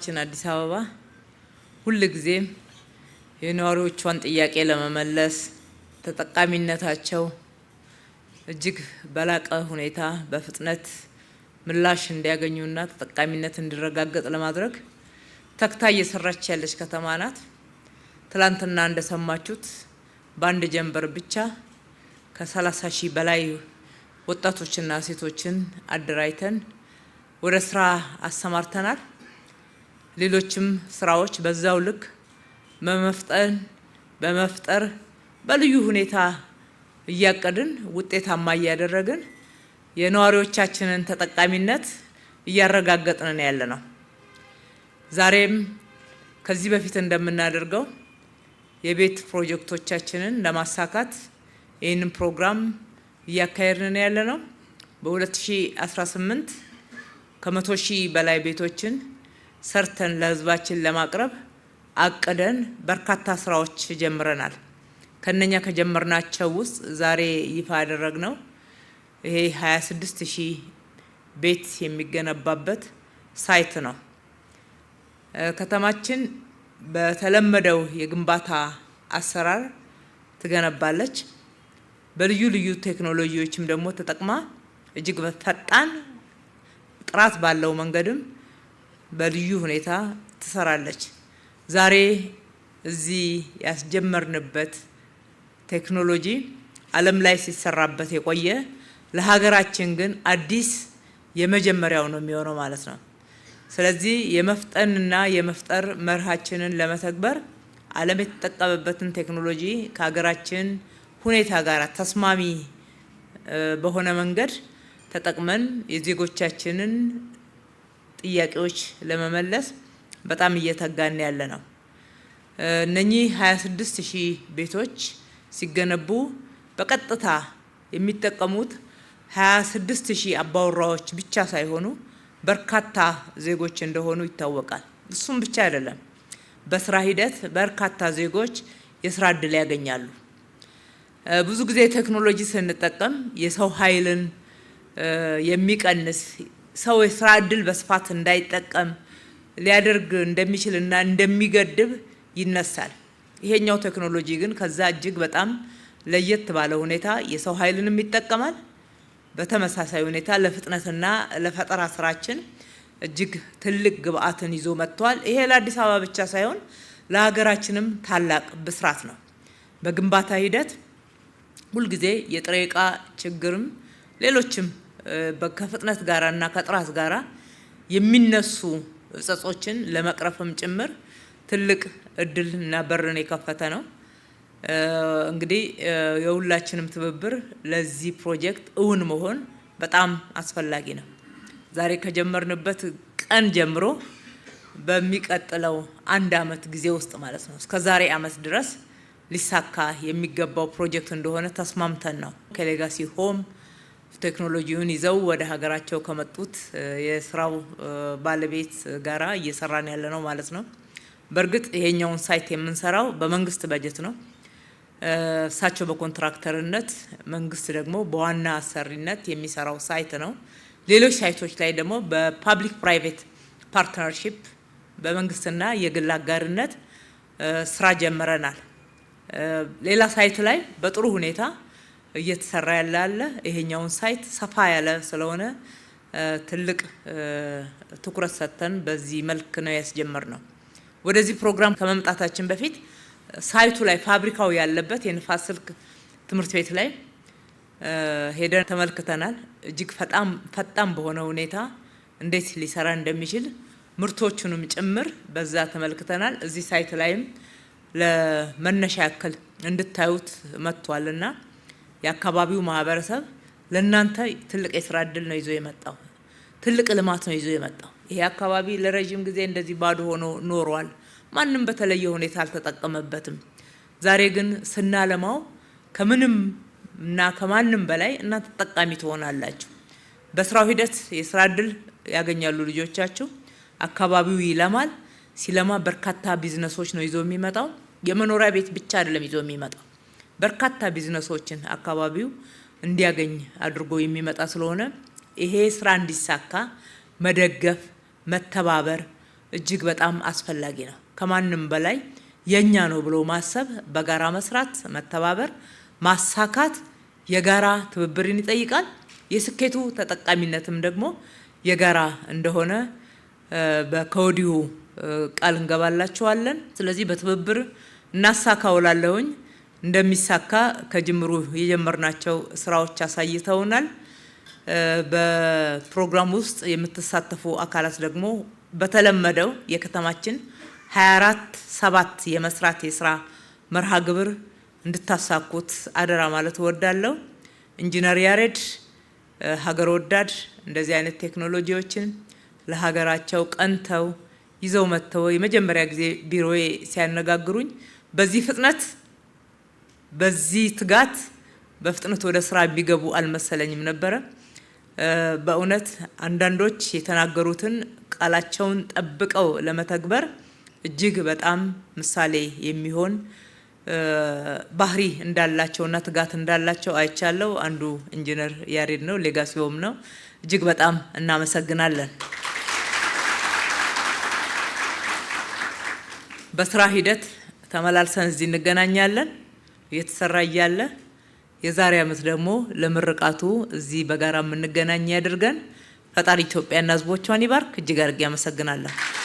ከተማችን አዲስ አበባ ሁልጊዜም የነዋሪዎቿን ጥያቄ ለመመለስ ተጠቃሚነታቸው እጅግ በላቀ ሁኔታ በፍጥነት ምላሽ እንዲያገኙና ተጠቃሚነት እንዲረጋገጥ ለማድረግ ተክታ እየሰራች ያለች ከተማ ናት። ትላንትና እንደሰማችሁት በአንድ ጀንበር ብቻ ከ30 ሺህ በላይ ወጣቶችና ሴቶችን አደራጅተን ወደ ስራ አሰማርተናል። ሌሎችም ስራዎች በዛው ልክ በመፍጠን በመፍጠር በልዩ ሁኔታ እያቀድን ውጤታማ እያደረግን የነዋሪዎቻችንን ተጠቃሚነት እያረጋገጥን ያለ ነው። ዛሬም ከዚህ በፊት እንደምናደርገው የቤት ፕሮጀክቶቻችንን ለማሳካት ይህንን ፕሮግራም እያካሄድን ያለ ነው። በ2018 ከመቶ ሺህ በላይ ቤቶችን ሰርተን ለህዝባችን ለማቅረብ አቅደን በርካታ ስራዎች ጀምረናል። ከነኛ ከጀመርናቸው ውስጥ ዛሬ ይፋ ያደረግነው ይሄ 26 ሺህ ቤት የሚገነባበት ሳይት ነው። ከተማችን በተለመደው የግንባታ አሰራር ትገነባለች። በልዩ ልዩ ቴክኖሎጂዎችም ደግሞ ተጠቅማ እጅግ ፈጣን ጥራት ባለው መንገድም በልዩ ሁኔታ ትሰራለች። ዛሬ እዚህ ያስጀመርንበት ቴክኖሎጂ ዓለም ላይ ሲሰራበት የቆየ ለሀገራችን ግን አዲስ የመጀመሪያው ነው የሚሆነው ማለት ነው። ስለዚህ የመፍጠንና የመፍጠር መርሃችንን ለመተግበር ዓለም የተጠቀመበትን ቴክኖሎጂ ከሀገራችን ሁኔታ ጋር ተስማሚ በሆነ መንገድ ተጠቅመን የዜጎቻችንን ጥያቄዎች ለመመለስ በጣም እየተጋን ያለ ነው። እነኚህ 26 ሺህ ቤቶች ሲገነቡ በቀጥታ የሚጠቀሙት 26 ሺህ አባወራዎች ብቻ ሳይሆኑ በርካታ ዜጎች እንደሆኑ ይታወቃል። እሱም ብቻ አይደለም፣ በስራ ሂደት በርካታ ዜጎች የስራ እድል ያገኛሉ። ብዙ ጊዜ ቴክኖሎጂ ስንጠቀም የሰው ኃይልን የሚቀንስ ሰው የስራ እድል በስፋት እንዳይጠቀም ሊያደርግ እንደሚችል እና እንደሚገድብ ይነሳል። ይሄኛው ቴክኖሎጂ ግን ከዛ እጅግ በጣም ለየት ባለ ሁኔታ የሰው ኃይልንም ይጠቀማል። በተመሳሳይ ሁኔታ ለፍጥነትና ለፈጠራ ስራችን እጅግ ትልቅ ግብአትን ይዞ መጥቷል። ይሄ ለአዲስ አበባ ብቻ ሳይሆን ለሀገራችንም ታላቅ ብስራት ነው። በግንባታ ሂደት ሁልጊዜ የጥሬ እቃ ችግርም ሌሎችም ከፍጥነት ጋራ እና ከጥራት ጋራ የሚነሱ እጸጾችን ለመቅረፍም ጭምር ትልቅ እድል እና በርን የከፈተ ነው። እንግዲህ የሁላችንም ትብብር ለዚህ ፕሮጀክት እውን መሆን በጣም አስፈላጊ ነው። ዛሬ ከጀመርንበት ቀን ጀምሮ በሚቀጥለው አንድ አመት ጊዜ ውስጥ ማለት ነው እስከ ዛሬ አመት ድረስ ሊሳካ የሚገባው ፕሮጀክት እንደሆነ ተስማምተን ነው ከሌጋሲ ሆም ቴክኖሎጂውን ይዘው ወደ ሀገራቸው ከመጡት የስራው ባለቤት ጋራ እየሰራን ያለ ነው ማለት ነው። በእርግጥ ይሄኛውን ሳይት የምንሰራው በመንግስት በጀት ነው። እሳቸው በኮንትራክተርነት መንግስት ደግሞ በዋና አሰሪነት የሚሰራው ሳይት ነው። ሌሎች ሳይቶች ላይ ደግሞ በፓብሊክ ፕራይቬት ፓርትነርሺፕ በመንግስትና የግል አጋርነት ስራ ጀምረናል። ሌላ ሳይት ላይ በጥሩ ሁኔታ እየተሰራ ያለ አለ። ይሄኛውን ሳይት ሰፋ ያለ ስለሆነ ትልቅ ትኩረት ሰጥተን በዚህ መልክ ነው ያስጀመር ነው። ወደዚህ ፕሮግራም ከመምጣታችን በፊት ሳይቱ ላይ ፋብሪካው ያለበት የንፋስ ስልክ ትምህርት ቤት ላይ ሄደን ተመልክተናል። እጅግ ፈጣን በሆነ ሁኔታ እንዴት ሊሰራ እንደሚችል ምርቶቹንም ጭምር በዛ ተመልክተናል። እዚህ ሳይት ላይም ለመነሻ ያክል እንድታዩት መጥቷልና የአካባቢው ማህበረሰብ ለእናንተ ትልቅ የስራ እድል ነው ይዞ የመጣው፣ ትልቅ ልማት ነው ይዞ የመጣው። ይሄ አካባቢ ለረዥም ጊዜ እንደዚህ ባዶ ሆኖ ኖሯል። ማንም በተለየ ሁኔታ አልተጠቀመበትም። ዛሬ ግን ስናለማው ከምንም እና ከማንም በላይ እናንተ ተጠቃሚ ትሆናላችሁ። በስራው ሂደት የስራ እድል ያገኛሉ ልጆቻችሁ። አካባቢው ይለማል። ሲለማ በርካታ ቢዝነሶች ነው ይዞ የሚመጣው። የመኖሪያ ቤት ብቻ አይደለም ይዞ የሚመጣው በርካታ ቢዝነሶችን አካባቢው እንዲያገኝ አድርጎ የሚመጣ ስለሆነ ይሄ ስራ እንዲሳካ መደገፍ፣ መተባበር እጅግ በጣም አስፈላጊ ነው። ከማንም በላይ የኛ ነው ብሎ ማሰብ፣ በጋራ መስራት፣ መተባበር፣ ማሳካት የጋራ ትብብርን ይጠይቃል። የስኬቱ ተጠቃሚነትም ደግሞ የጋራ እንደሆነ ከወዲሁ ቃል እንገባላችኋለን። ስለዚህ በትብብር እናሳካውላለሁኝ። እንደሚሳካ ከጅምሩ የጀመርናቸው ስራዎች አሳይተውናል። በፕሮግራም ውስጥ የምትሳተፉ አካላት ደግሞ በተለመደው የከተማችን 24 ሰባት የመስራት የስራ መርሃ ግብር እንድታሳኩት አደራ ማለት እወዳለሁ። ኢንጂነር ያሬድ ሀገር ወዳድ እንደዚህ አይነት ቴክኖሎጂዎችን ለሀገራቸው ቀንተው ይዘው መጥተው የመጀመሪያ ጊዜ ቢሮዬ ሲያነጋግሩኝ በዚህ ፍጥነት በዚህ ትጋት በፍጥነት ወደ ስራ ቢገቡ አልመሰለኝም ነበረ። በእውነት አንዳንዶች የተናገሩትን ቃላቸውን ጠብቀው ለመተግበር እጅግ በጣም ምሳሌ የሚሆን ባህሪ እንዳላቸውና ትጋት እንዳላቸው አይቻለው። አንዱ ኢንጂነር ያሬድ ነው፣ ሌጋሲዮም ነው። እጅግ በጣም እናመሰግናለን። በስራ ሂደት ተመላልሰን እዚህ እንገናኛለን። እየተሰራ እያለ የዛሬ ዓመት ደግሞ ለምርቃቱ እዚህ በጋራ የምንገናኝ ያድርገን። ፈጣሪ ኢትዮጵያና ሕዝቦቿን ይባርክ። እጅግ አድርጌ አመሰግናለሁ።